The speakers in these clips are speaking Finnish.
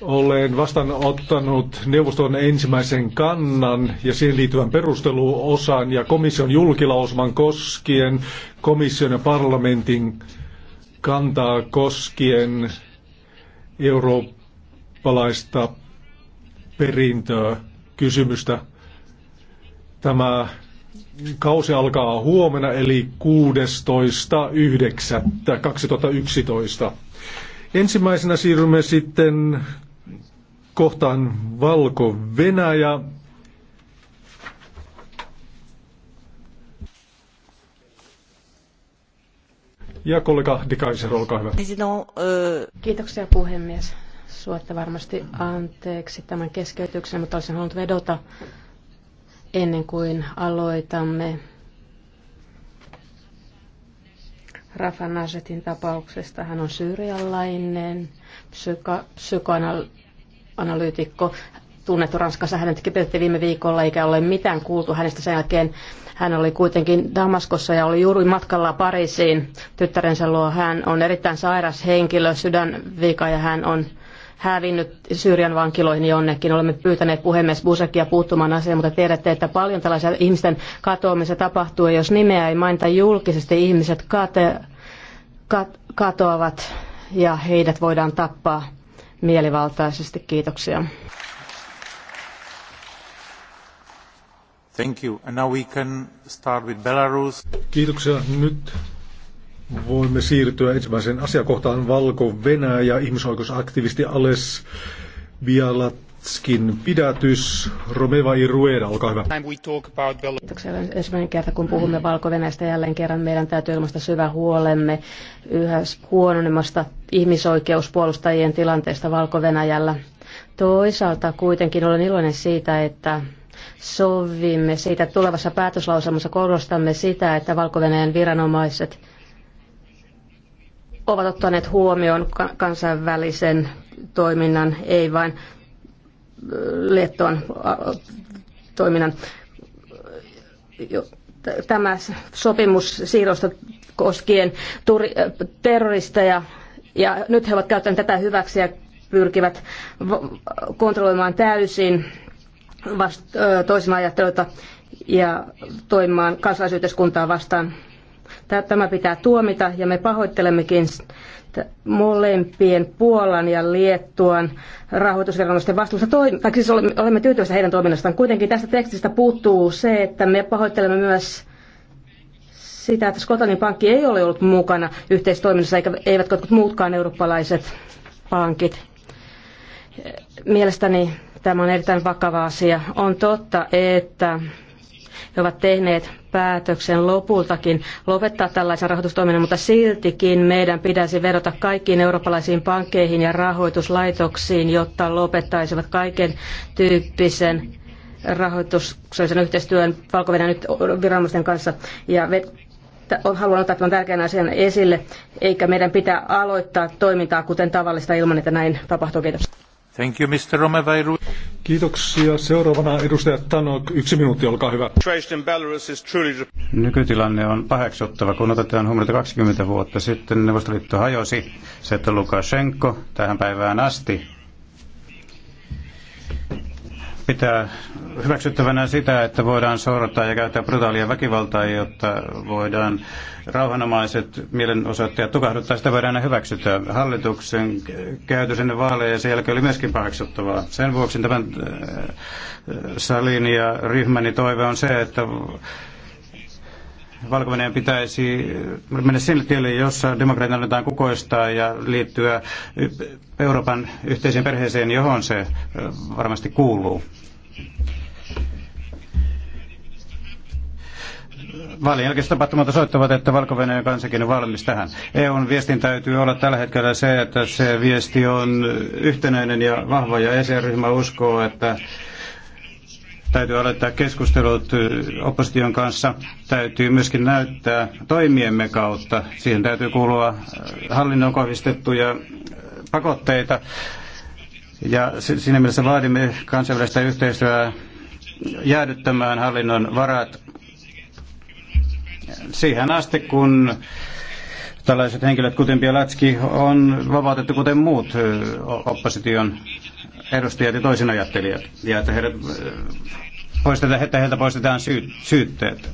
Olen vastaanottanut neuvoston ensimmäisen kannan ja siihen liittyvän perusteluosan ja komission julkilausuman koskien komission ja parlamentin kantaa koskien eurooppalaista perintöä kysymystä. Tämä kausi alkaa huomenna eli 16.9.2011. Ensimmäisenä siirrymme sitten kohtaan Valko-Venäjä. Ja kollega Dikaiser, olkaa hyvä. Kiitoksia puhemies. Suotte varmasti anteeksi tämän keskeytyksen, mutta olisin halunnut vedota ennen kuin aloitamme Rafa Nasetin tapauksesta. Hän on syyrialainen psyka, psykoanalyytikko, tunnettu Ranskassa. Hänet pidettiin viime viikolla eikä ole mitään kuultu hänestä sen jälkeen. Hän oli kuitenkin Damaskossa ja oli juuri matkalla Pariisiin tyttärensä luo. Hän on erittäin sairas henkilö, sydänvika ja hän on hävinnyt Syyrian vankiloihin jonnekin. Olemme pyytäneet puhemies Busekia puuttumaan asiaan, mutta tiedätte, että paljon tällaisia ihmisten katoamisia tapahtuu. Ja jos nimeä ei mainita julkisesti, ihmiset kate, kat, katoavat ja heidät voidaan tappaa mielivaltaisesti. Kiitoksia. Thank you. And now we can start with Belarus. Kiitoksia. Nyt Voimme siirtyä ensimmäiseen asiakohtaan Valko-Venäjä, ihmisoikeusaktivisti Ales Bialatskin pidätys. Romeva Irueda, olkaa hyvä. Kiitoksia. Ensimmäinen kerta, kun puhumme valko jälleen kerran, meidän täytyy ilmaista syvä huolemme yhä huononemmasta ihmisoikeuspuolustajien tilanteesta Valko-Venäjällä. Toisaalta kuitenkin olen iloinen siitä, että sovimme siitä tulevassa päätöslauselmassa korostamme sitä, että valko viranomaiset ovat ottaneet huomioon kansainvälisen toiminnan, ei vain Liettuan toiminnan. Tämä sopimus siirrosta koskien terroristeja, ja nyt he ovat käyttäneet tätä hyväksi ja pyrkivät kontrolloimaan täysin toisen ajattelua ja toimimaan kansalaisyhteiskuntaa vastaan. Tämä pitää tuomita ja me pahoittelemmekin molempien Puolan ja Liettuan rahoitusviranomaisten vastuusta. Tai siis olemme tyytyväisiä heidän toiminnastaan. Kuitenkin tästä tekstistä puuttuu se, että me pahoittelemme myös sitä, että Skotlannin pankki ei ole ollut mukana yhteistoiminnassa, eikä, eivät jotkut muutkaan eurooppalaiset pankit. Mielestäni tämä on erittäin vakava asia. On totta, että he ovat tehneet päätöksen lopultakin lopettaa tällaisen rahoitustoiminnan, mutta siltikin meidän pitäisi vedota kaikkiin eurooppalaisiin pankkeihin ja rahoituslaitoksiin, jotta lopettaisivat kaiken tyyppisen rahoituksellisen yhteistyön valko nyt viranomaisten kanssa. Ja haluan ottaa tämän tärkeän asian esille, eikä meidän pitää aloittaa toimintaa kuten tavallista ilman, että näin tapahtuu. Kiitos. Thank you, Mr. Romevairu. Kiitoksia. Seuraavana edustaja Tanok. Yksi minuutti, olkaa hyvä. Nykytilanne on paheksuttava, kun otetaan huomioon, 20 vuotta sitten Neuvostoliitto hajosi. Se, että Lukashenko tähän päivään asti pitää hyväksyttävänä sitä, että voidaan sortaa ja käyttää brutaalia väkivaltaa, jotta voidaan rauhanomaiset mielenosoittajat tukahduttaa. Sitä voidaan hyväksyttää Hallituksen käytös ennen vaaleja ja sen jälkeen oli myöskin paheksuttavaa. Sen vuoksi tämän äh, salin ja ryhmäni toive on se, että valko pitäisi mennä sille tielle, jossa demokratia annetaan kukoistaa ja liittyä Euroopan yhteiseen perheeseen, johon se äh, varmasti kuuluu. Vaalien jälkeen tapahtumat osoittavat, että valko kansakin on valmis tähän. EUn viestin täytyy olla tällä hetkellä se, että se viesti on yhtenäinen ja vahva ja ESR-ryhmä uskoo, että täytyy aloittaa keskustelut opposition kanssa. Täytyy myöskin näyttää toimiemme kautta. Siihen täytyy kuulua hallinnon kohdistettuja pakotteita, ja siinä mielessä vaadimme kansainvälistä yhteisöä jäädyttämään hallinnon varat siihen asti, kun tällaiset henkilöt, kuten Bielatski, on vapautettu kuten muut opposition edustajat ja toisin ajattelijat, ja että, heidät, poistetaan, että heiltä poistetaan syy, syytteet.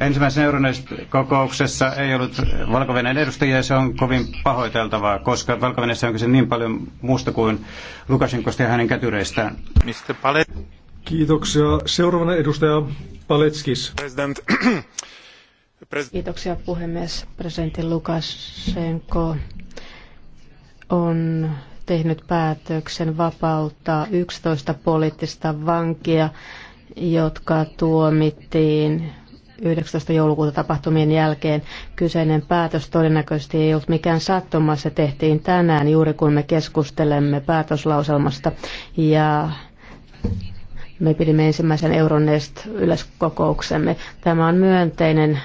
Ensimmäisen Euronest-kokouksessa ei ollut valko edustajia ja se on kovin pahoiteltavaa, koska valko on kyse niin paljon muusta kuin Lukashenkosta ja hänen kätyreistään. Mr. Palet. Kiitoksia. Seuraavana edustaja Paletskis. President. Kiitoksia puhemies. Presidentti Lukashenko on tehnyt päätöksen vapauttaa 11 poliittista vankia, jotka tuomittiin 19. joulukuuta tapahtumien jälkeen. Kyseinen päätös todennäköisesti ei ollut mikään sattuma. Se tehtiin tänään juuri kun me keskustelemme päätöslauselmasta. Ja me pidimme ensimmäisen Euronest yleiskokouksemme. Tämä on myönteinen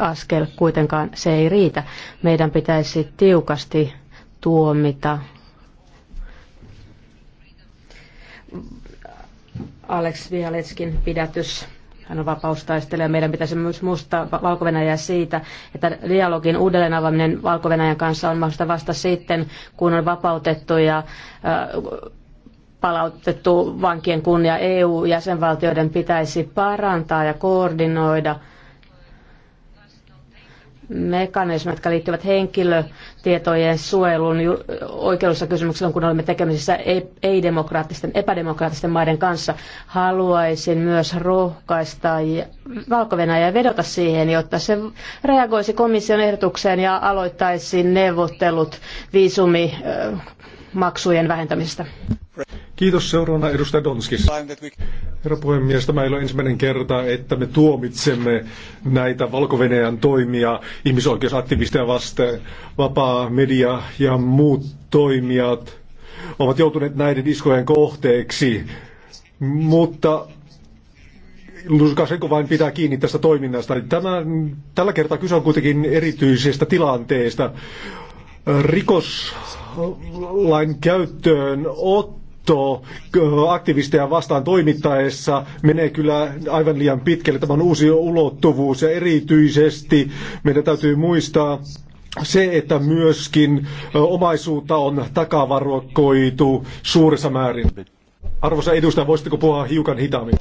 askel, kuitenkaan se ei riitä. Meidän pitäisi tiukasti tuomita Alex Vialetskin pidätys hän on vapaustaistelija. Meidän pitäisi myös muistaa valko siitä, että dialogin uudelleen avaaminen valko kanssa on mahdollista vasta sitten, kun on vapautettu ja äh, palautettu vankien kunnia EU-jäsenvaltioiden pitäisi parantaa ja koordinoida – mekanismit, jotka liittyvät henkilötietojen suojeluun oikeudessa kysymyksellä, kun olemme tekemisissä e- ei-demokraattisten, epädemokraattisten maiden kanssa. Haluaisin myös rohkaista valko ja vedota siihen, jotta se reagoisi komission ehdotukseen ja aloittaisi neuvottelut viisumimaksujen vähentämisestä. Kiitos seuraavana edustaja Donskis. Herra puhemies, tämä ei ole ensimmäinen kerta, että me tuomitsemme näitä valko toimia, ihmisoikeusaktivisteja vastaan, vapaa media ja muut toimijat ovat joutuneet näiden iskojen kohteeksi, mutta Lukashenko vain pitää kiinni tästä toiminnasta. Tämän, tällä kertaa kyse on kuitenkin erityisestä tilanteesta. Rikoslain käyttöön otto liitto äh, aktivisteja vastaan toimittaessa menee kyllä aivan liian pitkälle. Tämä on uusi ulottuvuus ja erityisesti meidän täytyy muistaa, se, että myöskin äh, omaisuutta on takavarokoitu suurissa määrin. Arvoisa edustaja, voisitteko puhua hiukan hitaammin?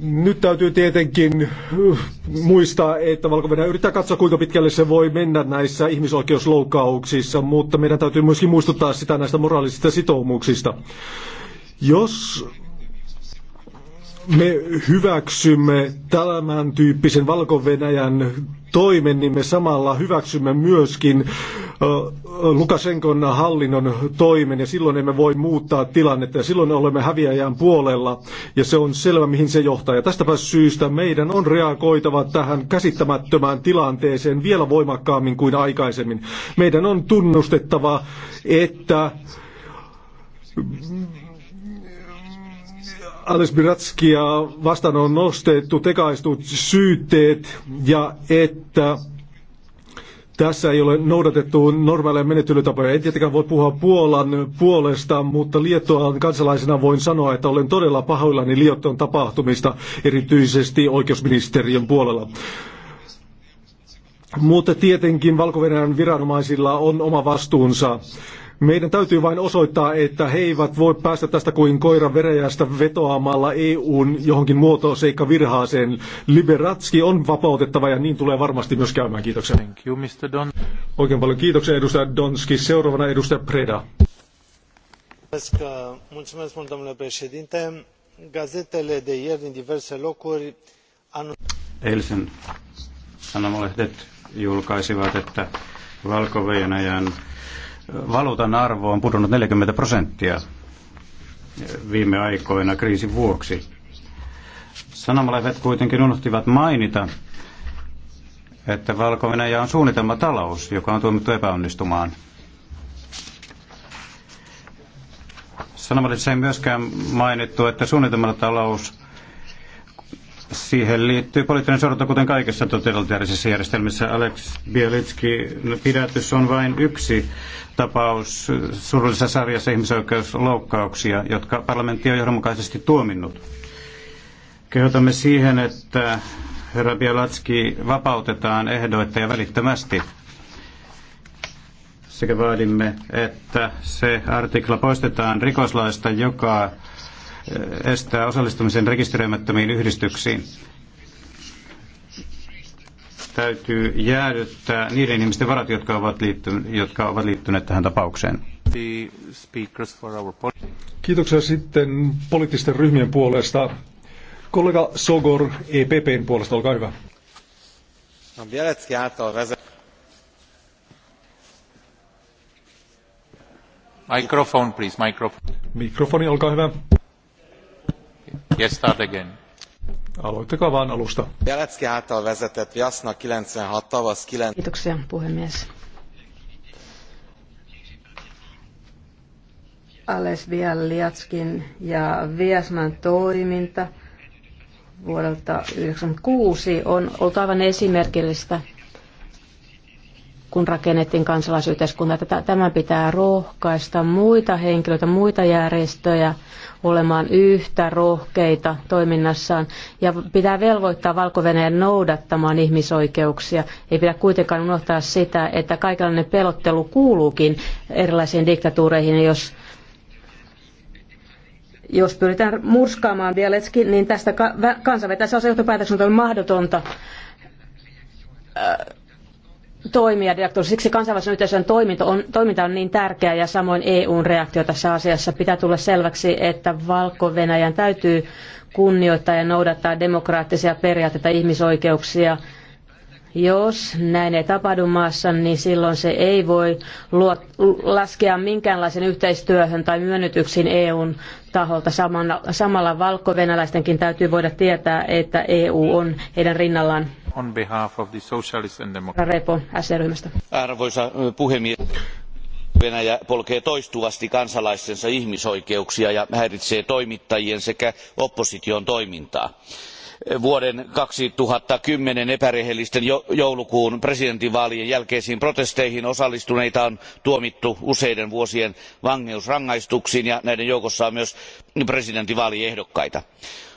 Nyt täytyy tietenkin uh, muistaa, että valko yrittää katsoa, kuinka pitkälle se voi mennä näissä ihmisoikeusloukkauksissa, mutta meidän täytyy myöskin muistuttaa sitä näistä moraalisista sitoumuksista. Jos me hyväksymme tämän tyyppisen valko toimen, niin me samalla hyväksymme myöskin Lukasenkon hallinnon toimen ja silloin emme voi muuttaa tilannetta ja silloin olemme häviäjän puolella ja se on selvä mihin se johtaa. Ja tästäpä syystä meidän on reagoitava tähän käsittämättömään tilanteeseen vielä voimakkaammin kuin aikaisemmin. Meidän on tunnustettava, että Ales Biratskia vastaan on nostettu tekaistut syytteet ja että tässä ei ole noudatettu normaaleja menettelytapoja. En tietenkään voi puhua Puolan puolesta, mutta Liettuan kansalaisena voin sanoa, että olen todella pahoillani Liettuan tapahtumista, erityisesti oikeusministeriön puolella. Mutta tietenkin valko viranomaisilla on oma vastuunsa. Meidän täytyy vain osoittaa, että he eivät voi päästä tästä kuin koiran veräjästä vetoamalla EUn johonkin muotoon seikka virhaaseen. Liberatski on vapautettava ja niin tulee varmasti myös käymään. Kiitoksia. Thank you, Mr. Don. Oikein paljon kiitoksia edustaja Donski. Seuraavana edustaja Preda. Mulțumesc uh, mult, domnule președinte. Gazetele de ieri din diverse locuri Eilisen sanomalehdet julkaisivat, että Valko-Venäjän valuutan arvo on pudonnut 40 prosenttia viime aikoina kriisin vuoksi. Sanomalehdet kuitenkin unohtivat mainita, että valko on talous, joka on tuomittu epäonnistumaan. Sanomalehdissä ei myöskään mainittu, että talous – Siihen liittyy poliittinen sorto, kuten kaikessa totalitaarisessa järjestelmissä. Alex Bielitski no, pidätys on vain yksi tapaus surullisessa sarjassa ihmisoikeusloukkauksia, jotka parlamentti on johdonmukaisesti tuominnut. Kehotamme siihen, että herra Bielatski vapautetaan ehdoitta ja välittömästi sekä vaadimme, että se artikla poistetaan rikoslaista, joka estää osallistumisen rekisteröimättömiin yhdistyksiin. Täytyy jäädyttää niiden ihmisten varat, jotka ovat, liitty, jotka ovat liittyneet tähän tapaukseen. Kiitoksia sitten poliittisten ryhmien puolesta. Kollega Sogor EPPn puolesta, olkaa hyvä. No, mikrofoni, please, mikrofoni. Mikrofoni, olkaa hyvä. Yes, által vezetett Jasna six tavasz puhemies. Ales Vialliatskin ja Viasman toiminta vuodelta 1996 on ollut aivan esimerkillistä – kun rakennettiin kansalaisyhteiskuntaa. että tämä pitää rohkaista muita henkilöitä, muita järjestöjä olemaan yhtä rohkeita toiminnassaan ja pitää velvoittaa valko noudattamaan ihmisoikeuksia. Ei pidä kuitenkaan unohtaa sitä, että kaikenlainen pelottelu kuuluukin erilaisiin diktatuureihin, jos jos pyritään murskaamaan Bialetskin, niin tästä osa johtopäätöksen on mahdotonta toimia direktori. Siksi kansainvälisen yhteisön toiminto on, toiminta on niin tärkeää ja samoin EUn reaktio tässä asiassa. Pitää tulla selväksi, että Valko-Venäjän täytyy kunnioittaa ja noudattaa demokraattisia periaatteita ihmisoikeuksia. Jos näin ei tapahdu maassa, niin silloin se ei voi luot, laskea minkäänlaisen yhteistyöhön tai myönnytyksiin EUn taholta. Samalla, samalla valko-venäläistenkin täytyy voida tietää, että EU on heidän rinnallaan. On behalf of the Socialist and Repo, SR-ryhmästä. Arvoisa puhemies. Venäjä polkee toistuvasti kansalaistensa ihmisoikeuksia ja häiritsee toimittajien sekä opposition toimintaa vuoden kaksituhatta kymmenen epärehellisten joulukuun presidentinvaalien jälkeisiin protesteihin osallistuneita on tuomittu useiden vuosien vankeusrangaistuksiin ja näiden joukossa on myös presidentinvaaliehdokkaita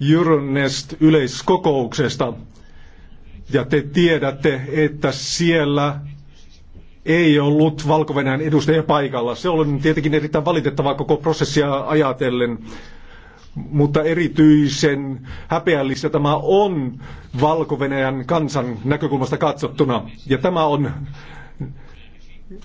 Euronest-yleiskokouksesta. Ja te tiedätte, että siellä ei ollut valko edustajia paikalla. Se on tietenkin erittäin valitettavaa koko prosessia ajatellen, mutta erityisen häpeällistä tämä on valko kansan näkökulmasta katsottuna. Ja tämä on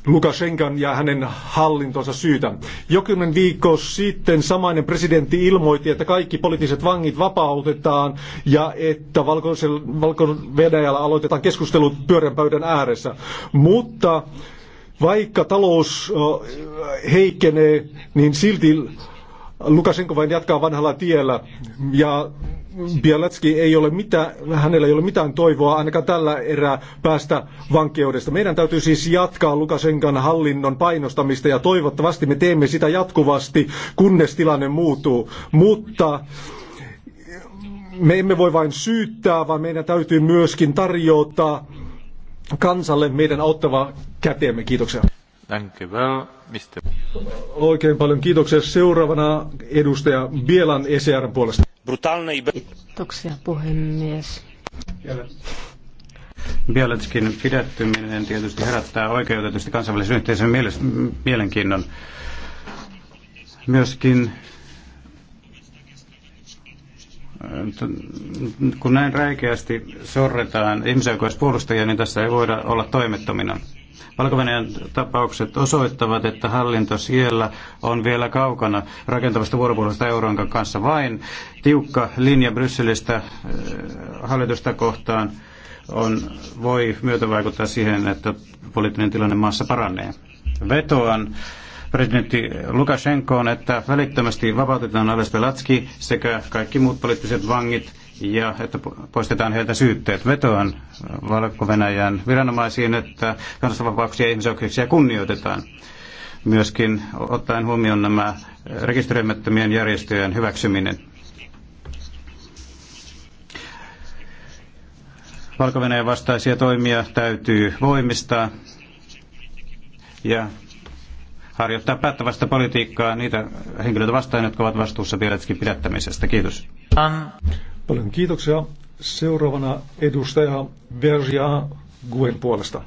Lukashenkan ja hänen hallintonsa syytä. Jokunen viikko sitten samainen presidentti ilmoitti, että kaikki poliittiset vangit vapautetaan ja että Valko-Venäjällä aloitetaan keskustelut pyörän pöydän ääressä. Mutta vaikka talous heikkenee, niin silti Lukashenko vain jatkaa vanhalla tiellä ja Bialatski ei ole mitään, hänellä ei ole mitään toivoa ainakaan tällä erää päästä vankeudesta. Meidän täytyy siis jatkaa Lukasenkan hallinnon painostamista ja toivottavasti me teemme sitä jatkuvasti, kunnes tilanne muuttuu. Mutta me emme voi vain syyttää, vaan meidän täytyy myöskin tarjota kansalle meidän auttava käteemme. Kiitoksia. Oikein paljon kiitoksia. Seuraavana edustaja Bielan ECR puolesta. Kiitoksia puhemies. Bieletskin pidättyminen tietysti herättää oikeutetusti kansainvälisen yhteisön mielenkiinnon. Myöskin äh, kun näin räikeästi sorretaan ihmisoikeuspuolustajia, niin tässä ei voida olla toimettomina valko tapaukset osoittavat, että hallinto siellä on vielä kaukana rakentavasta vuoropuhelusta Euroopan kanssa. Vain tiukka linja Brysselistä äh, hallitusta kohtaan on, voi myötävaikuttaa siihen, että poliittinen tilanne maassa paranee. Vetoan presidentti Lukashenkoon, että välittömästi vapautetaan Alespe Latski sekä kaikki muut poliittiset vangit – ja että poistetaan heiltä syytteet. Vetoan valko viranomaisiin, että kansanvapauksia ja ihmisoikeuksia kunnioitetaan. Myöskin ottaen huomioon nämä rekisteröimättömien järjestöjen hyväksyminen. valko vastaisia toimia täytyy voimistaa ja harjoittaa päättävästä politiikkaa niitä henkilöitä vastaan, jotka ovat vastuussa Bieletskin pidättämisestä. Kiitos. Paljon kiitoksia. Seuraavana edustaja Verja Guen puolesta.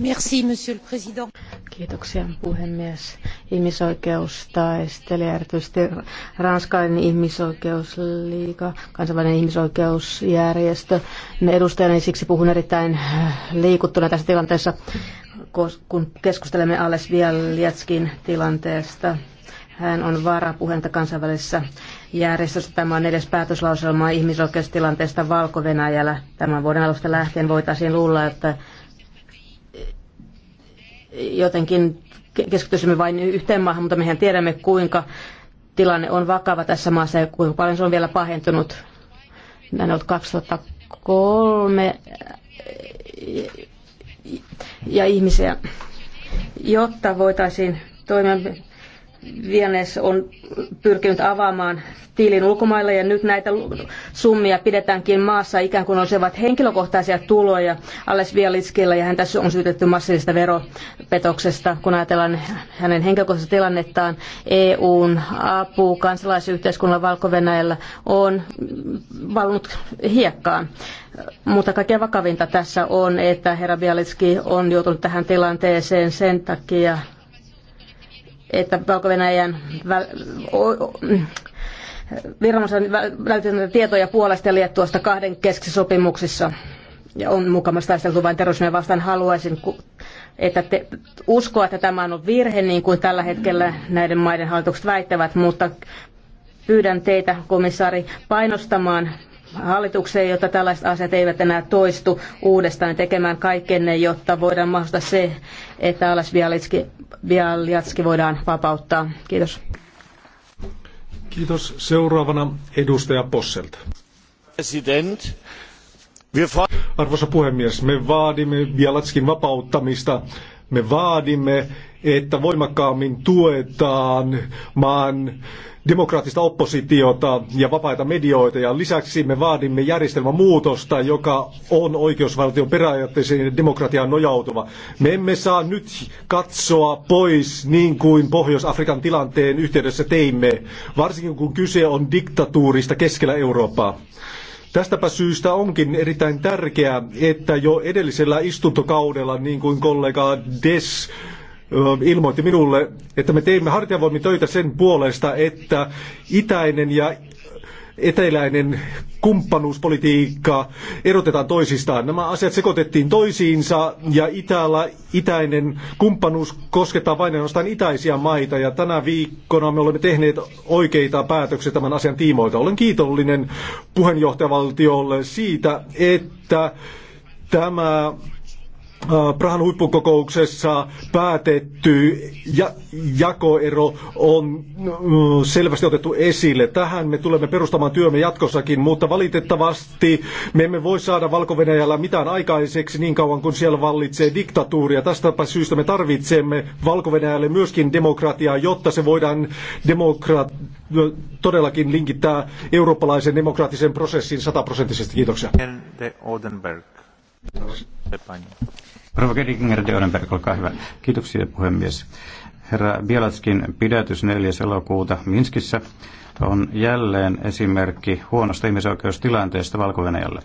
Merci, monsieur le président. Kiitoksia puhemies. taisteli erityisesti ranskalainen ihmisoikeusliiga, kansainvälinen ihmisoikeusjärjestö. Ne edustajani niin siksi puhun erittäin liikuttuna tässä tilanteessa, kun keskustelemme Ales Vialjatskin tilanteesta. Hän on varapuhenta kansainvälisessä järjestössä. Tämä on neljäs päätöslauselma ihmisoikeustilanteesta Valko-Venäjällä. Tämän vuoden alusta lähtien voitaisiin luulla, että jotenkin keskityisimme vain yhteen maahan, mutta mehän tiedämme, kuinka tilanne on vakava tässä maassa ja kuinka paljon se on vielä pahentunut. Näin ollut 2003 ja ihmisiä, jotta voitaisiin toimia Vienes on pyrkinyt avaamaan tilin ulkomailla ja nyt näitä summia pidetäänkin maassa ikään kuin olisivat henkilökohtaisia tuloja Alles Vialitskilla ja tässä on syytetty massiivisesta veropetoksesta, kun ajatellaan hänen henkilökohtaisesta tilannettaan. EUn apu kansalaisyhteiskunnalla valko on valunut hiekkaan. Mutta kaikkein vakavinta tässä on, että herra Bialitski on joutunut tähän tilanteeseen sen takia, että Valko-Venäjän viranomaisen välttämättä tietoja puolesta ja liettuosta kahden keskisopimuksissa sopimuksissa ja on mukamassa taisteltu vain terrorismia vastaan. Haluaisin, että te uskoa, että tämä on virhe, niin kuin tällä hetkellä näiden maiden hallitukset väittävät, mutta pyydän teitä, komissaari, painostamaan hallitukseen, jotta tällaiset asiat eivät enää toistu uudestaan tekemään kaikenne, jotta voidaan mahdollistaa se, että Alas Bialitski, Bialjatski voidaan vapauttaa. Kiitos. Kiitos. Seuraavana edustaja Posselta. President. Arvoisa puhemies, me vaadimme Bialatskin vapauttamista. Me vaadimme, että voimakkaammin tuetaan maan demokraattista oppositiota ja vapaita medioita. Ja lisäksi me vaadimme järjestelmän muutosta, joka on oikeusvaltion peräajatteeseen ja demokratiaan nojautuva. Me emme saa nyt katsoa pois niin kuin Pohjois-Afrikan tilanteen yhteydessä teimme, varsinkin kun kyse on diktatuurista keskellä Eurooppaa. Tästäpä syystä onkin erittäin tärkeää, että jo edellisellä istuntokaudella, niin kuin kollega Des ilmoitti minulle, että me teimme hartiavoimin töitä sen puolesta, että itäinen ja eteläinen kumppanuuspolitiikka erotetaan toisistaan. Nämä asiat sekoitettiin toisiinsa ja itäla itäinen kumppanuus koskettaa vain ainoastaan itäisiä maita ja tänä viikkona me olemme tehneet oikeita päätöksiä tämän asian tiimoilta. Olen kiitollinen puheenjohtajavaltiolle siitä, että tämä Prahan huippukokouksessa päätetty ja, jakoero on mm, selvästi otettu esille. Tähän me tulemme perustamaan työmme jatkossakin, mutta valitettavasti me emme voi saada valko mitään aikaiseksi niin kauan kuin siellä vallitsee diktatuuria. Tästä syystä me tarvitsemme valko myöskin demokratiaa, jotta se voidaan demokrat todellakin linkittää eurooppalaisen demokraattisen prosessin sataprosenttisesti. Kiitoksia. Rova Geringer de olkaa hyvä. Kiitoksia puhemies. Herra Bielatskin pidätys 4. elokuuta Minskissä on jälleen esimerkki huonosta ihmisoikeustilanteesta valko -Venäjälle.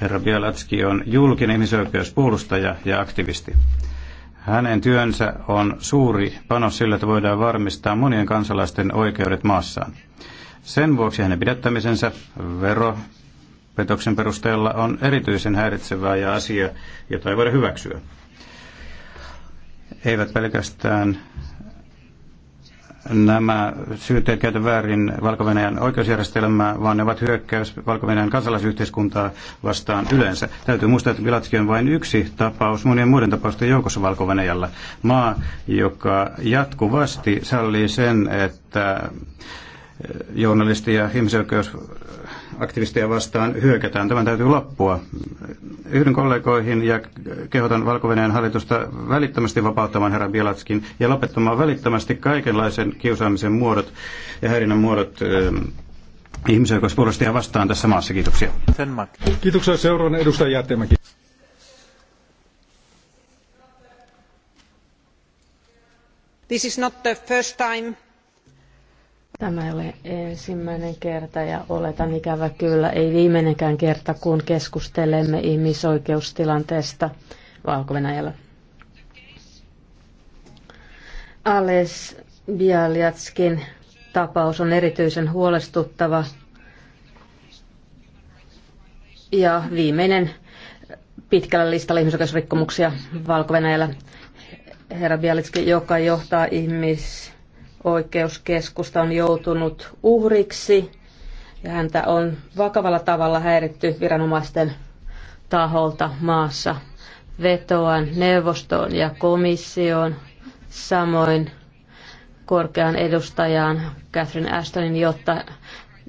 Herra Bielatski on julkinen ihmisoikeuspuolustaja ja aktivisti. Hänen työnsä on suuri panos sillä, että voidaan varmistaa monien kansalaisten oikeudet maassaan. Sen vuoksi hänen pidättämisensä, vero, petoksen perusteella on erityisen häiritsevää ja asia, jota ei voida hyväksyä. Eivät pelkästään nämä syytteet käytä väärin valko oikeusjärjestelmää, vaan ne ovat hyökkäys valko kansalaisyhteiskuntaa vastaan yleensä. Täytyy muistaa, että Vilatski on vain yksi tapaus monien muiden tapausten joukossa valko -Venäjällä. Maa, joka jatkuvasti sallii sen, että journalisti ja ihmisoikeus aktivisteja vastaan hyökätään. Tämän täytyy loppua. Yhdyn kollegoihin ja kehotan valko hallitusta välittömästi vapauttamaan herra Bielatskin ja lopettamaan välittömästi kaikenlaisen kiusaamisen muodot ja häirinnän muodot eh, ja vastaan tässä maassa. Kiitoksia. Kiitoksia seuraavan edustaja Jättemäki. This is not the first time Tämä ei ole ensimmäinen kerta ja oletan ikävä kyllä ei viimeinenkään kerta, kun keskustelemme ihmisoikeustilanteesta valko -Venäjällä. Ales Bialjatskin tapaus on erityisen huolestuttava ja viimeinen pitkällä listalla ihmisoikeusrikkomuksia valko -Venäjällä. Herra Bialitski, joka johtaa ihmis oikeuskeskusta on joutunut uhriksi ja häntä on vakavalla tavalla häiritty viranomaisten taholta maassa. Vetoan neuvostoon ja komissioon, samoin korkean edustajaan Catherine Ashtonin, jotta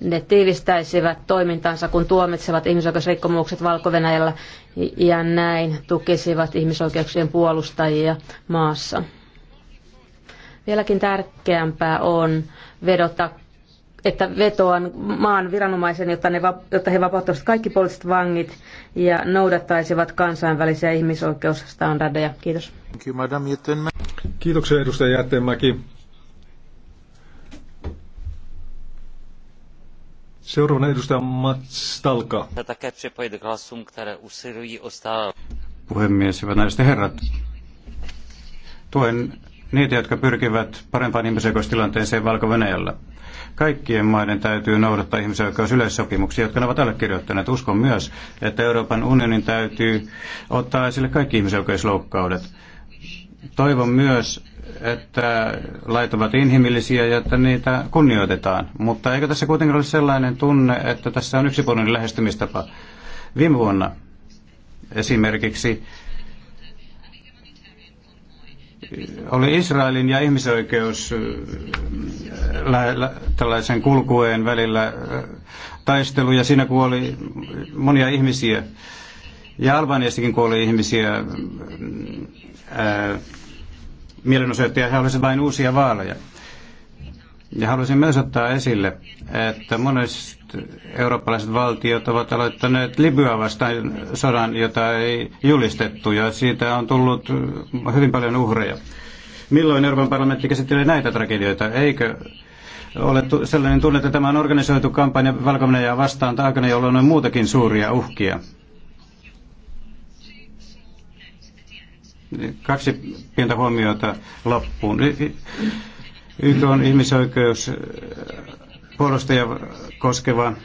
ne tiivistäisivät toimintansa, kun tuomitsevat ihmisoikeusrikkomukset valko ja näin tukisivat ihmisoikeuksien puolustajia maassa. Vieläkin tärkeämpää on vedota, että vetoan maan viranomaisen, jotta, ne, jotta he vapauttaisivat kaikki poliittiset vangit ja noudattaisivat kansainvälisiä ihmisoikeusstandardeja. Kiitos. Kiitoksia edustaja Jättemäki. Seuraavana edustaja Mats Talka. Puhemies, hyvät naiset ja herrat. Tuen niitä, jotka pyrkivät parempaan ihmisoikeustilanteeseen valko -Venäjällä. Kaikkien maiden täytyy noudattaa ihmisoikeusyleissopimuksia, jotka ne ovat allekirjoittaneet. Uskon myös, että Euroopan unionin täytyy ottaa esille kaikki ihmisoikeusloukkaudet. Toivon myös, että lait ovat inhimillisiä ja että niitä kunnioitetaan. Mutta eikö tässä kuitenkin ole sellainen tunne, että tässä on yksipuolinen lähestymistapa? Viime vuonna esimerkiksi oli Israelin ja ihmisoikeus lä- lä- tällaisen kulkueen välillä taistelu ja siinä kuoli monia ihmisiä. Ja Albaniassakin kuoli ihmisiä ää, mielenosoittajia, he olisivat vain uusia vaaleja. Ja haluaisin myös ottaa esille, että monet eurooppalaiset valtiot ovat aloittaneet Libyaa vastaan sodan, jota ei julistettu, ja siitä on tullut hyvin paljon uhreja. Milloin Euroopan parlamentti käsittelee näitä tragedioita? Eikö ole sellainen tunne, että tämä on organisoitu kampanja valko ja vastaan taakana, jolloin on muutakin suuria uhkia? Kaksi pientä huomiota loppuun. YK on ihmisoikeus äh, puolustaja koskeva äh,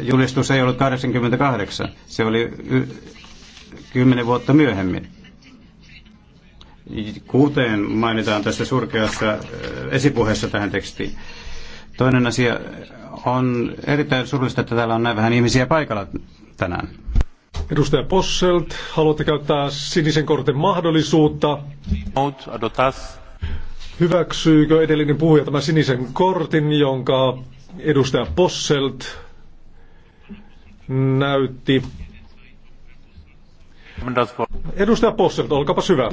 julistus ei ollut 88, se oli 10 vuotta myöhemmin. Kuuteen mainitaan tässä surkeassa äh, esipuheessa tähän tekstiin. Toinen asia on erittäin surullista, että täällä on näin vähän ihmisiä paikalla tänään. Edustaja Posselt, haluatte käyttää sinisen kortin mahdollisuutta? Out, Hyväksyykö edellinen puhuja tämän sinisen kortin, jonka edustaja Posselt näytti? Edustaja Posselt, olkaapa hyvä.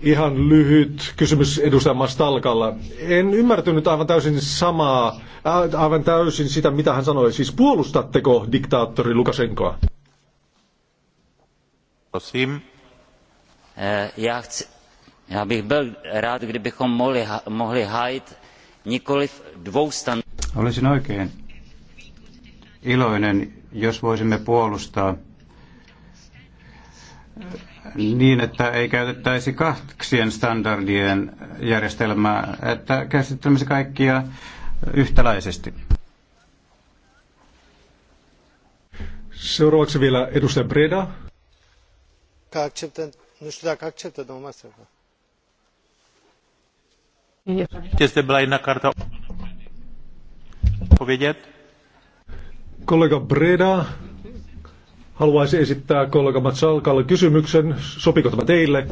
Ihan lyhyt kysymys edustaja Mastalkalla. En ymmärtänyt aivan täysin samaa, äh, aivan täysin sitä, mitä hän sanoi. Siis puolustatteko diktaattori Lukasenkoa? Prosím. Eh, já bych byl rád kdybychom mohli, hájit nikoliv dvoustandardní. Olisin oikein iloinen, jos voisimme puolustaa eh, niin, että ei käytettäisi kaksien standardien järjestelmää, että käsittelemme kaikkia yhtäläisesti. Seuraavaksi vielä edustaja Breda. Ka acceptă, nu știu Tietysti byla jedna karta odpovědět. Kollega Breda haluaisi esittää kollega Matsalkalle kysymyksen. Sopiko tämä teille?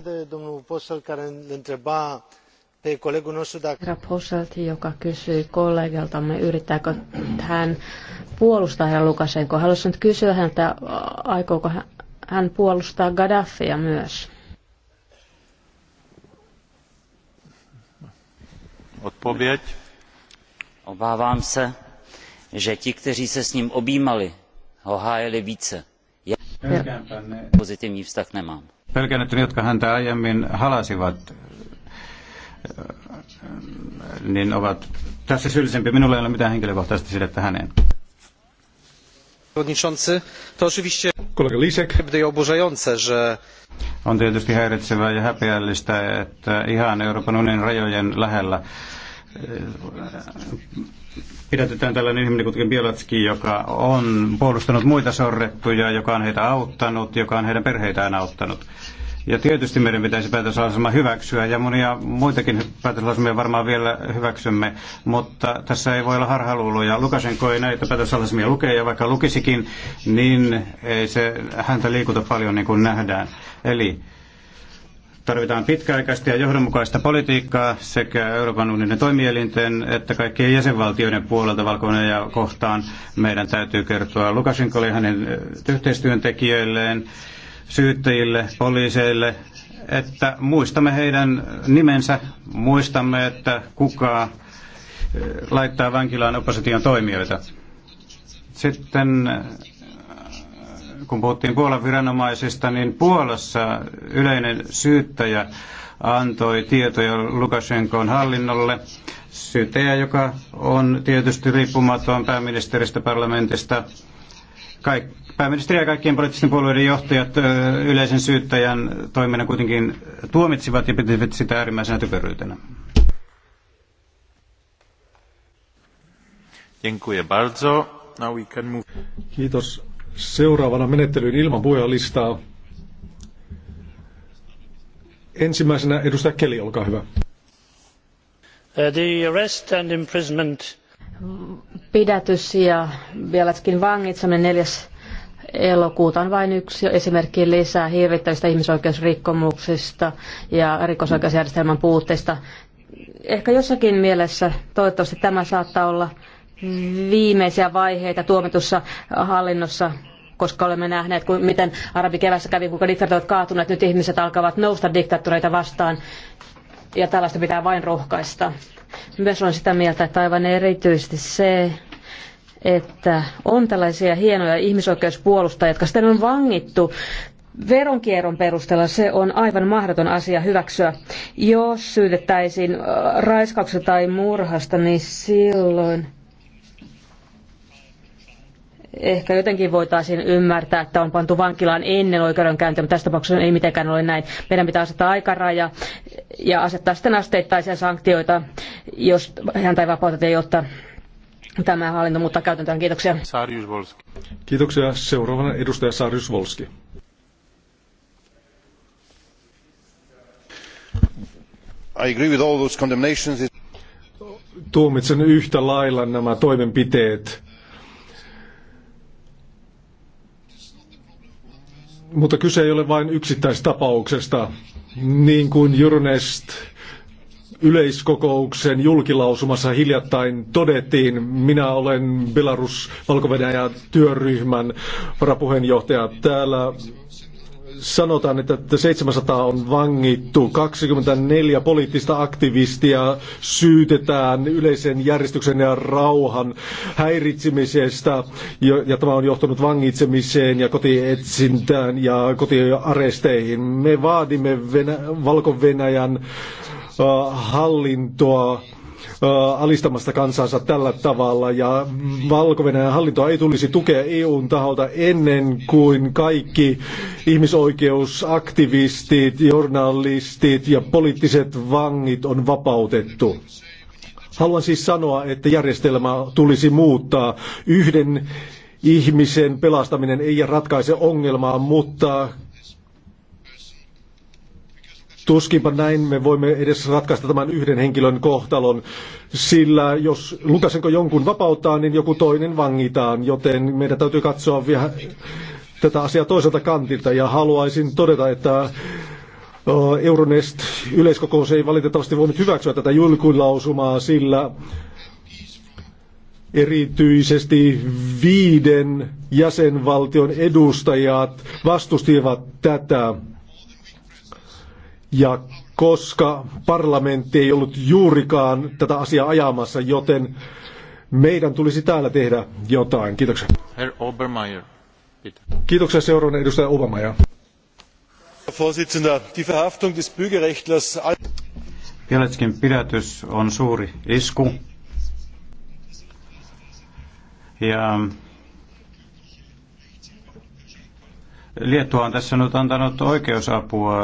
Herra Posselti, joka kysyi kollegaltamme, yrittääkö hän puolustaa herra Lukasenko. Haluaisin nyt kysyä häntä, äh, aikooko hän puolustaa Gaddafia myös? obávám se že ti kteří se s ním objímali ho hájili více. já pozitivní vztah nemám. pelkään että ne jotka häntä aiemmin halasivat niin ovat tässä Minulla ei ole mitään henkilökohtaista sidettä häneen. Przewodniczący, to oczywiście Kollega Lisek. On tietysti häiritsevää ja häpeällistä, että ihan Euroopan unionin rajojen lähellä eh, pidätetään tällainen ihminen kuten Bielatski, joka on puolustanut muita sorrettuja, joka on heitä auttanut, joka on heidän perheitään auttanut. Ja tietysti meidän pitäisi päätöslauselma hyväksyä ja monia muitakin päätöslauselmia varmaan vielä hyväksymme, mutta tässä ei voi olla harhaluuloja. Lukasenko ei näitä päätöslauselmia lukee ja vaikka lukisikin, niin ei se häntä liikuta paljon niin kuin nähdään. Eli tarvitaan pitkäaikaista ja johdonmukaista politiikkaa sekä Euroopan unionin toimielinten että kaikkien jäsenvaltioiden puolelta valkoinen ja kohtaan. Meidän täytyy kertoa Lukashenkolle hänen yhteistyöntekijöilleen syyttäjille, poliiseille, että muistamme heidän nimensä, muistamme, että kuka äh, laittaa vankilaan opposition toimijoita. Sitten äh, kun puhuttiin Puolan viranomaisista, niin Puolassa yleinen syyttäjä antoi tietoja Lukashenkoon hallinnolle. Syyttäjä, joka on tietysti riippumaton pääministeristä, parlamentista, kaikki Pääministeri ja kaikkien poliittisten puolueiden johtajat yleisen syyttäjän toiminnan kuitenkin tuomitsivat ja pitivät sitä äärimmäisenä typeryytenä. Kiitos. Seuraavana menettelyyn ilman puhujalistaa. Ensimmäisenä edustaja Keli, olkaa hyvä. Uh, the arrest and imprisonment. Pidätys ja vieläkin vangitseminen 4 elokuuta on vain yksi esimerkki lisää hirvittävistä ihmisoikeusrikkomuksista ja rikosoikeusjärjestelmän puutteista. Ehkä jossakin mielessä toivottavasti tämä saattaa olla viimeisiä vaiheita tuomitussa hallinnossa koska olemme nähneet, kun, miten kevässä kävi, kuinka ovat kaatuneet, nyt ihmiset alkavat nousta diktaattoreita vastaan, ja tällaista pitää vain rohkaista. Myös olen sitä mieltä, että aivan erityisesti se, että on tällaisia hienoja ihmisoikeuspuolustajia, jotka sitten on vangittu veronkierron perusteella se on aivan mahdoton asia hyväksyä. Jos syytettäisiin äh, raiskauksesta tai murhasta, niin silloin ehkä jotenkin voitaisiin ymmärtää, että on pantu vankilaan ennen oikeudenkäyntiä, mutta tässä tapauksessa ei mitenkään ole näin. Meidän pitää asettaa aikaraja ja asettaa sitten asteittaisia sanktioita, jos häntä ei vapauteta, jotta tämä hallinto muuttaa käytäntöön. Kiitoksia. Kiitoksia. Seuraavana edustaja Saarius Volski. I agree with all those condemnations. Tuomitsen yhtä lailla nämä toimenpiteet. Mutta kyse ei ole vain yksittäistapauksesta. Niin kuin Euronest yleiskokouksen julkilausumassa hiljattain todettiin. Minä olen Belarus valko työryhmän varapuheenjohtaja. Täällä sanotaan, että 700 on vangittu, 24 poliittista aktivistia syytetään yleisen järjestyksen ja rauhan häiritsemisestä, ja tämä on johtanut vangitsemiseen ja kotietsintään ja kotiaresteihin. Me vaadimme Venä- Valko-Venäjän hallintoa alistamasta kansansa tällä tavalla ja valko hallintoa ei tulisi tukea EUn taholta ennen kuin kaikki ihmisoikeusaktivistit, journalistit ja poliittiset vangit on vapautettu. Haluan siis sanoa, että järjestelmä tulisi muuttaa. Yhden ihmisen pelastaminen ei ratkaise ongelmaa, mutta Tuskinpa näin me voimme edes ratkaista tämän yhden henkilön kohtalon, sillä jos Lukasenko jonkun vapauttaa, niin joku toinen vangitaan, joten meidän täytyy katsoa vielä tätä asiaa toiselta kantilta ja haluaisin todeta, että Euronest yleiskokous ei valitettavasti voinut hyväksyä tätä julkulausumaa, sillä erityisesti viiden jäsenvaltion edustajat vastustivat tätä ja koska parlamentti ei ollut juurikaan tätä asiaa ajamassa, joten meidän tulisi täällä tehdä jotain. Kiitoksia. Herr Obermeier. Kiitoksia seuraavana edustaja Obermeier. Pieletskin pidätys on suuri isku. Ja Liettua on tässä nyt antanut oikeusapua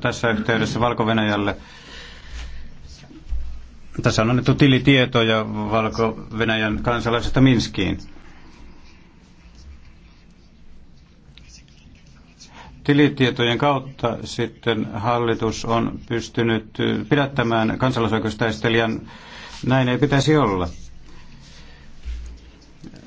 tässä yhteydessä valko -Venäjälle. Tässä on annettu tilitietoja Valko-Venäjän kansalaisesta Minskiin. Tilitietojen kautta sitten hallitus on pystynyt eh, pidättämään kansalaisoikeustaistelijan. Näin ei pitäisi olla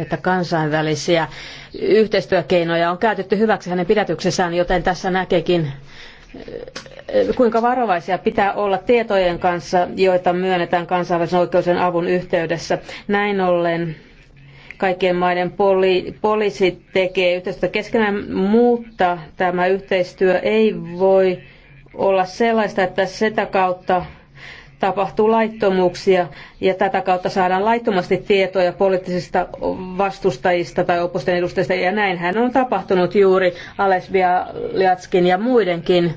että kansainvälisiä yhteistyökeinoja on käytetty hyväksi hänen pidätyksessään, joten tässä näkeekin eh, kuinka varovaisia pitää olla tietojen kanssa, joita myönnetään kansainvälisen oikeuden avun yhteydessä. Näin ollen kaikkien maiden poli, poliisi tekee yhteistyötä keskenään, mutta tämä yhteistyö ei voi olla sellaista, että sitä kautta tapahtuu laittomuuksia ja tätä kautta saadaan laittomasti tietoja poliittisista vastustajista tai opposten edustajista. Ja näinhän on tapahtunut juuri Ales Bialyatskin ja muidenkin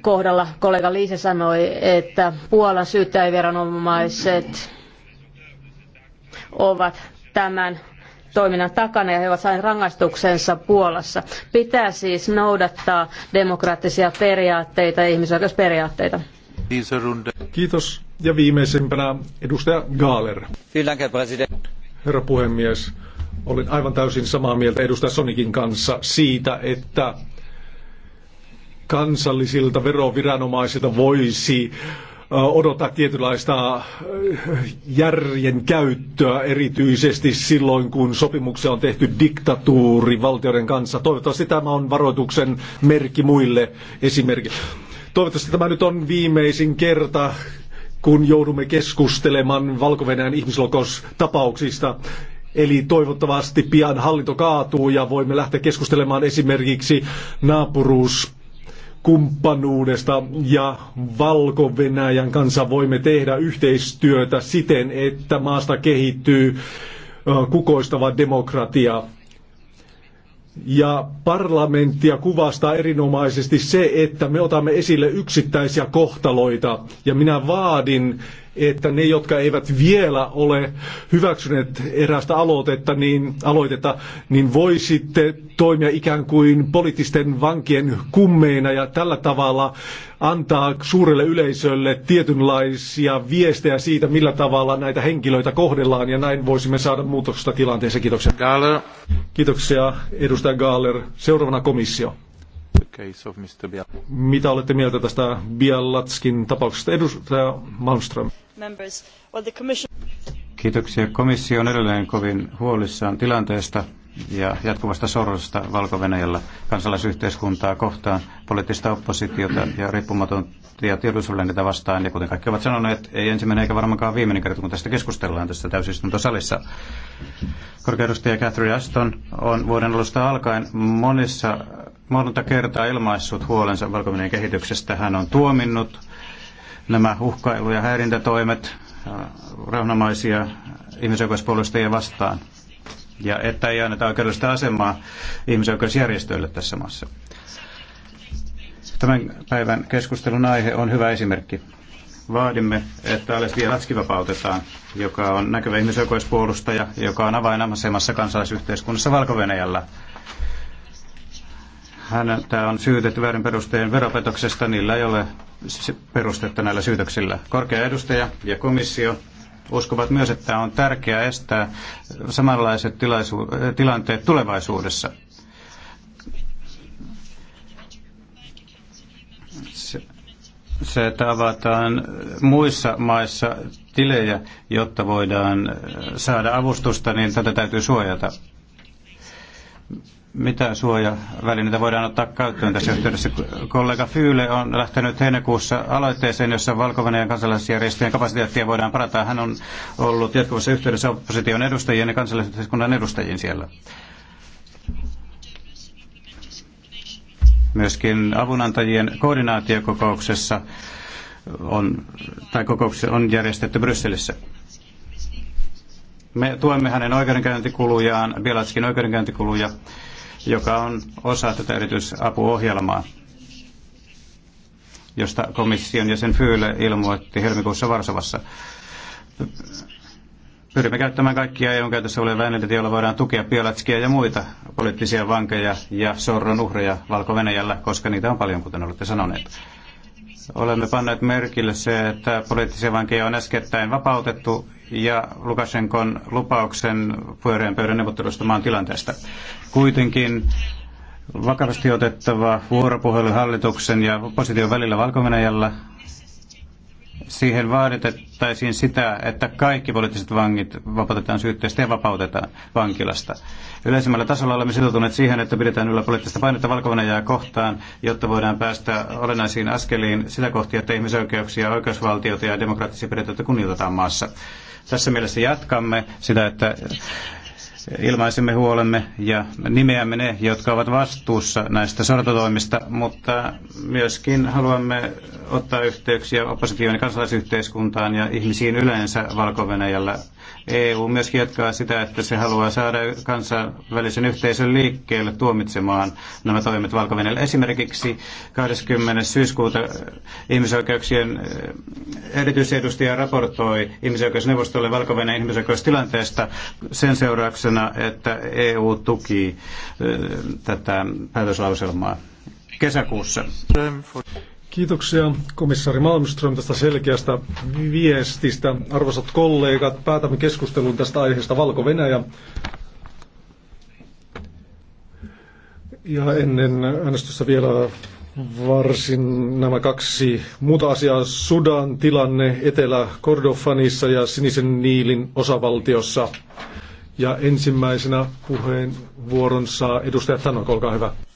kohdalla. Kollega Liise sanoi, että Puolan syyttäjäviranomaiset ovat tämän toiminnan takana ja he ovat saaneet rangaistuksensa Puolassa. Pitää siis noudattaa demokraattisia periaatteita ja ihmisoikeusperiaatteita. Kiitos. Ja viimeisimpänä edustaja Gaaler. Herra puhemies, olin aivan täysin samaa mieltä edustaja Sonikin kanssa siitä, että kansallisilta veroviranomaisilta voisi odottaa tietynlaista järjen käyttöä, erityisesti silloin, kun sopimuksia on tehty valtioiden kanssa. Toivottavasti tämä on varoituksen merkki muille esimerkiksi. Toivottavasti tämä nyt on viimeisin kerta, kun joudumme keskustelemaan valko ihmislokostapauksista. Eli toivottavasti pian hallinto kaatuu ja voimme lähteä keskustelemaan esimerkiksi naapuruus kumppanuudesta ja valko kanssa voimme tehdä yhteistyötä siten, että maasta kehittyy kukoistava demokratia. Ja parlamenttia kuvastaa erinomaisesti se, että me otamme esille yksittäisiä kohtaloita. Ja minä vaadin, että ne, jotka eivät vielä ole hyväksyneet erästä aloitetta, niin, aloitetta, niin voi sitten toimia ikään kuin poliittisten vankien kummeina ja tällä tavalla antaa suurelle yleisölle tietynlaisia viestejä siitä, millä tavalla näitä henkilöitä kohdellaan ja näin voisimme saada muutosta tilanteeseen. Kiitoksia. Galler. Kiitoksia edustaja Gaaler. Seuraavana komissio. Mitä olette mieltä tästä Bialatskin tapauksesta? Edustaja Malmström members. Well, the commission... Kiitoksia. Komissio on edelleen kovin huolissaan tilanteesta ja jatkuvasta sorrosta valko -Venäjällä. kansalaisyhteiskuntaa kohtaan, poliittista oppositiota ja riippumatonta tiedotusvälineitä vastaan. Ja kuten kaikki ovat sanoneet, ei ensimmäinen eikä varmaankaan viimeinen kerta, kun tästä keskustellaan tässä täysistuntosalissa. Korkeudustaja Catherine Aston on vuoden alusta alkaen monissa monta kertaa ilmaissut huolensa valko kehityksestä. Hän on tuominnut nämä uhkailu- ja häirintätoimet äh, rauhanomaisia ihmisoikeuspuolustajia vastaan ja että ei anneta oikeudellista asemaa ihmisoikeusjärjestöille tässä maassa. Tämän päivän keskustelun aihe on hyvä esimerkki. Vaadimme, että Alestia Latski vapautetaan, joka on näkyvä ihmisoikeuspuolustaja, joka on avainasemassa kansalaisyhteiskunnassa valko -Venäjällä. on syytetty väärin perusteen veropetoksesta, niillä ei ole perustetta näillä syytöksillä. Korkea edustaja ja komissio uskovat myös, että on tärkeää estää samanlaiset tilanteet tulevaisuudessa. Se, se, että avataan muissa maissa tilejä, jotta voidaan saada avustusta, niin tätä täytyy suojata mitä suojavälineitä voidaan ottaa käyttöön tässä yhteydessä. Kollega Fyyle on lähtenyt heinäkuussa aloitteeseen, jossa valko kansalaisjärjestöjen kapasiteettia voidaan parantaa. Hän on ollut jatkuvassa yhteydessä opposition edustajien ja kansalaisyhteiskunnan edustajien siellä. Myöskin avunantajien koordinaatiokokouksessa on, tai kokouksessa on järjestetty Brysselissä. Me tuemme hänen oikeudenkäyntikulujaan, Bielatskin oikeudenkäyntikuluja joka on osa tätä erityisapuohjelmaa, josta komission jäsen Fyyle ilmoitti helmikuussa Varsovassa. Pyrimme käyttämään kaikkia EUn käytössä olevia välineitä, joilla voidaan tukea Pielatskia ja muita poliittisia vankeja ja sorron uhreja Valko-Venäjällä, koska niitä on paljon, kuten olette sanoneet. Olemme panneet merkille se, että poliittisia vankeja on äskettäin vapautettu ja Lukashenkon lupauksen pyöreän pöydän neuvottelusta maan tilanteesta. Kuitenkin vakavasti otettava vuoropuhelu hallituksen ja opposition välillä valko siihen vaaditettaisiin sitä, että kaikki poliittiset vangit vapautetaan syytteestä ja vapautetaan vankilasta. Yleisemmällä tasolla olemme sitoutuneet siihen, että pidetään yllä poliittista painetta valko kohtaan, jotta voidaan päästä olennaisiin askeliin sitä kohti, että ihmisoikeuksia, oikeusvaltiota ja demokraattisia periaatteita kunnioitetaan maassa. Tässä mielessä jatkamme sitä, että ilmaisimme huolemme ja nimeämme ne, jotka ovat vastuussa näistä sortotoimista, mutta myöskin haluamme ottaa yhteyksiä opposition ja kansalaisyhteiskuntaan ja ihmisiin yleensä valko -Venäjällä EU myöskin jatkaa sitä, että se haluaa saada kansainvälisen yhteisön liikkeelle tuomitsemaan nämä toimet valko -Venäjällä. Esimerkiksi 20. syyskuuta ihmisoikeuksien eh, erityisedustaja raportoi ihmisoikeusneuvostolle valko ihmisoikeustilanteesta sen seurauksena, että EU tuki eh, tätä päätöslauselmaa kesäkuussa. Kiitoksia komissaari Malmström tästä selkeästä viestistä. Arvoisat kollegat, päätämme keskustelun tästä aiheesta Valko-Venäjä. Ja ennen äänestystä vielä varsin nämä kaksi muuta asiaa. Sudan tilanne Etelä-Kordofanissa ja Sinisen Niilin osavaltiossa. Ja ensimmäisenä puheenvuoron saa edustaja Tanok, olkaa hyvä.